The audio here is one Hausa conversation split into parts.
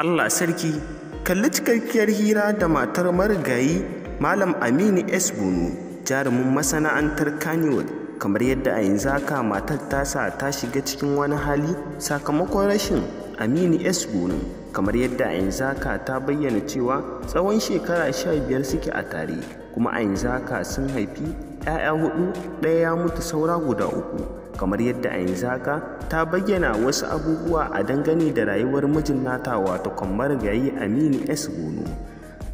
Allah sarki kalli cikakkiyar hira da matar marigayi Malam Aminu S. Bunu jarumin masana'antar Kannywood kamar yadda a yanzu haka matar ta sa ta shiga cikin wani hali sakamakon rashin Aminu S. Bunu. kamar yadda a ta bayyana cewa tsawon shekara sha biyar suke a tare kuma a sun haifi 'ya'ya hudu ɗaya ya mutu saura guda uku kamar yadda a ta bayyana wasu abubuwa a dangane da rayuwar mijin nata wato kwamar gayi aminu s gono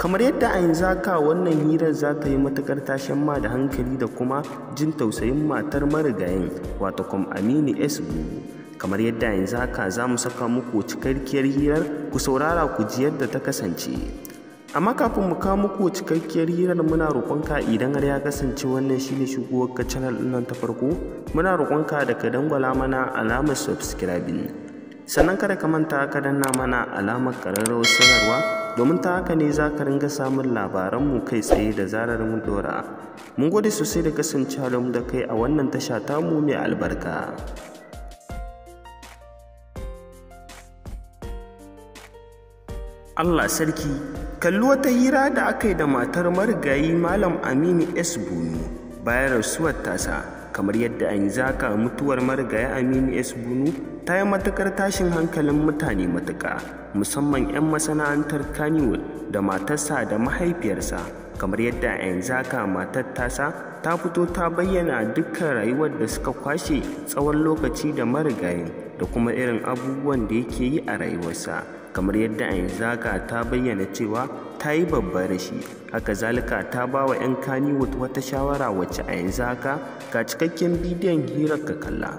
kamar yadda a wannan hirar za ta yi matukar tashin ma da hankali da kuma jin tausayin matar marigayin wato kwam aminu s gono kamar yadda yanzu haka za mu saka muku cikakkiyar hirar ku saurara ku ji yadda ta kasance amma kafin mu kawo muku cikakkiyar hirar muna roƙonka idan har ya kasance wannan shine shigowar ka channel nan ta farko muna roƙonka da ka dangwala mana alamar subscribing sannan kada ka manta ka danna mana alamar ƙararrawar sanarwa domin ta haka ne za ka ringa samun labaranmu kai tsaye da zarar mun dora mun gode sosai da kasancewa da kai a wannan tasha tamu mai albarka Allah sarki kalli wata hira da aka yi da matar marigayi Malam Aminu S. Bunu bayan rasuwar tasa kamar yadda an zaka mutuwar marigayi Aminu S. Bunu ta yi matakar tashin hankalin mutane matuka musamman 'yan masana'antar Kannywood da matarsa da mahaifiyarsa kamar yadda a yanzu matar tasa ta fito ta bayyana dukkan rayuwar da suka kwashe tsawon lokaci da marigayin da kuma irin abubuwan da yake yi a rayuwarsa kamar yadda a yanzu ta bayyana cewa ta yi babban rashi haka zalika ta ba wa 'yan kaniwood wata shawara wacce a yanzu haka ga cikakken bidiyon hirar ka kalla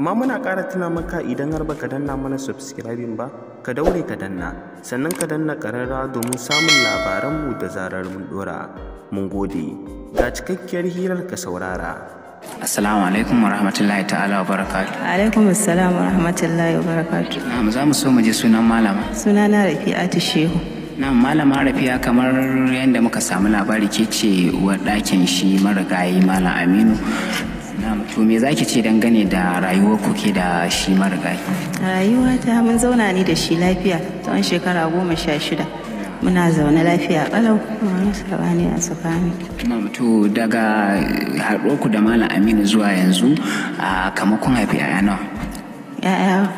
amma muna ƙara tuna maka idan har baka danna mana subscribing ba ka daure ka danna sannan ka danna ƙararra domin samun labaranmu da zarar mun ɗora mun gode ga cikakkiyar hirar ka saurara Assalamu alaikum wa rahmatullahi ta'ala wa barakatu. Alaikum assalam wa rahmatullahi wa barakatu. Na'am ah, za mu so mu je sunan malama. Suna na Rafi'atu Shehu. Na'am malama Rafi'a kamar yadda muka samu labari ke ce wa ɗakin shi marigayi Malam Aminu. Na'am to me zaki ce dangane da rayuwar ku ke da shi marigayi? Rayuwa ta mun zauna ni da shi lafiya tsawon shekara goma sha shida. muna zaune lafiya kalau kuma wani sabani a tsakani. to daga haɗuwarku da malam aminu zuwa yanzu a kamakon haifi yaya nawa yaya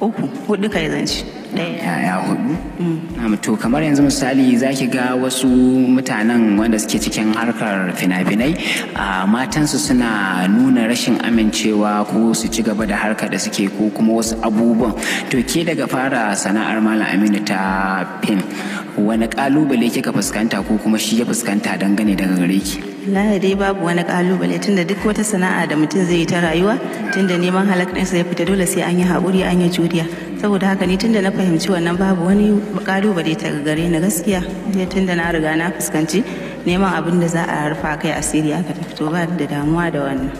uku hudu kai zance yaya hudu mm. to kamar yanzu misali za ki ga wasu mutanen wanda suke cikin harkar fina-finai matansu suna nuna rashin amincewa ko su ci gaba da harkar da suke ko kuma wasu abubuwan to ke daga fara sana'ar malam aminu ta fim wani kalubale kika fuskanta ko kuma shi ya fuskanta dangane daga gare ki wallahi dai babu wani kalubale tunda duk wata sana'a da mutum zai yi ta rayuwa tunda neman halak ya fita dole sai an yi haƙuri an yi juriya saboda haka ni tunda na fahimci wannan babu wani kalubale ta gare ni gaskiya tunda na riga na fuskanci neman abin da za a rufa kai asiri aka to ba da damuwa da wannan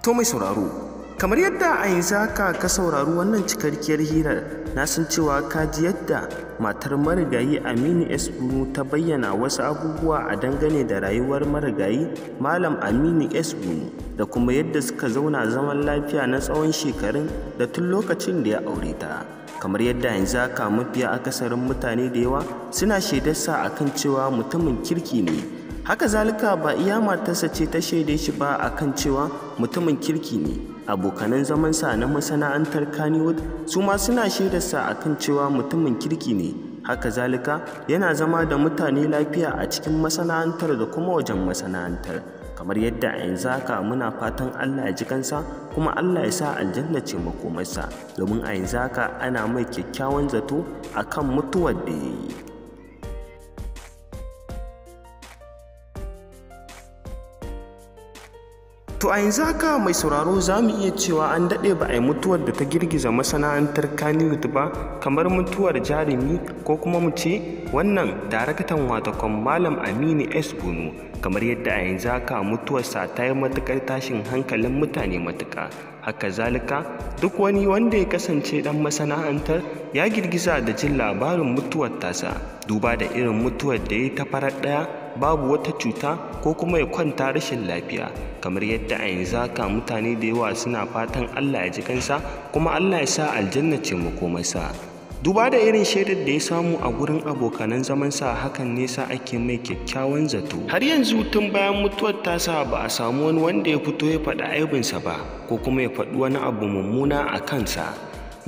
to mai sauraro kamar yadda a yanzu haka ka saurari wannan cikakkiyar hirar na san cewa ka ji yadda matar marigayi aminu s bunu ta bayyana wasu abubuwa a dangane da rayuwar marigayi malam aminu s bunu da kuma yadda suka zauna zaman lafiya na tsawon shekarun da tun lokacin da ya aure ta kamar yadda yanzu haka mafiya akasarin mutane da yawa suna shaidarsa kan cewa mutumin kirki ne haka zalika ba iya matarsa ce ta shaide shi ba kan cewa mutumin kirki ne abokanan sa na masana'antar Kannywood su ma suna shaidarsa a kan cewa mutumin kirki ne. Haka zalika yana zama da mutane lafiya a cikin masana'antar da kuma wajen masana'antar. Kamar yadda a yanzu haka muna fatan Allah ya ji kansa kuma Allah ya sa aljanna ce makomarsa domin a yanzu haka ana mai kyakkyawan zato akan mutuwar da ya yi. To a yanzu haka mai sauraro za mu iya cewa an daɗe ba a yi mutuwar da ta girgiza masana'antar kanilut ba kamar mutuwar jarumi ko kuma mu ce wannan darakatan watakon Malam Aminu S. Bunu kamar yadda a yanzu haka mutuwarsa ta yi matuƙar tashin hankalin mutane matuƙa. Haka zalika duk wani wanda ya kasance ɗan masana'antar ya girgiza da jin labarin mutuwar tasa duba da irin mutuwar da ya ta farar ɗaya babu wata cuta ko kuma ya kwanta rashin lafiya kamar yadda a yanzu haka mutane da yawa suna fatan Allah ya ji kansa kuma Allah ya sa aljanna ce makomarsa duba da irin shaidar da ya samu a gurin abokanan zaman sa hakan ne sa ake mai kyakkyawan zato har yanzu tun bayan mutuwar tasa ba a samu wani wanda ya fito ya faɗi aibinsa ba ko kuma ya faɗi wani abu mummuna a kansa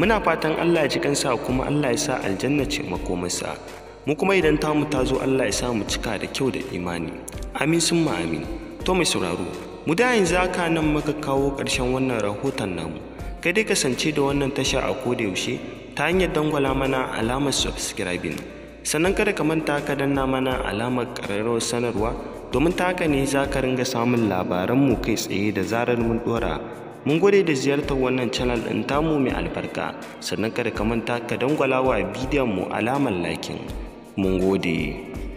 muna fatan Allah ya ji kansa kuma Allah ya sa aljanna ce makomarsa mu kuma idan tamu ta zo Allah ya samu cika da kyau da imani amin sun amin to mai sauraro mu da yanzu aka nan muka kawo ƙarshen wannan rahoton namu kai dai kasance da wannan tasha a koda yaushe ta hanyar dangwala mana alamar subscribing sannan kada ka manta ka danna mana alamar ƙararrawar sanarwa domin ta haka ne za ka ringa samun labaranmu kai tsaye da zarar mun ɗora mun gode da ziyartar wannan channel ɗin tamu mai albarka sannan kada ka manta ka dangwala wa bidiyon mu alamar lakin mun gode